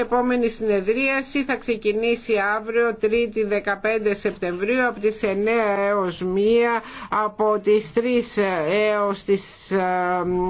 επόμενη συνεδρίαση θα ξεκινήσει αύριο 3η 15 Σεπτεμβρίου από τις 9 έως 1 από τις 3 έως τις ε,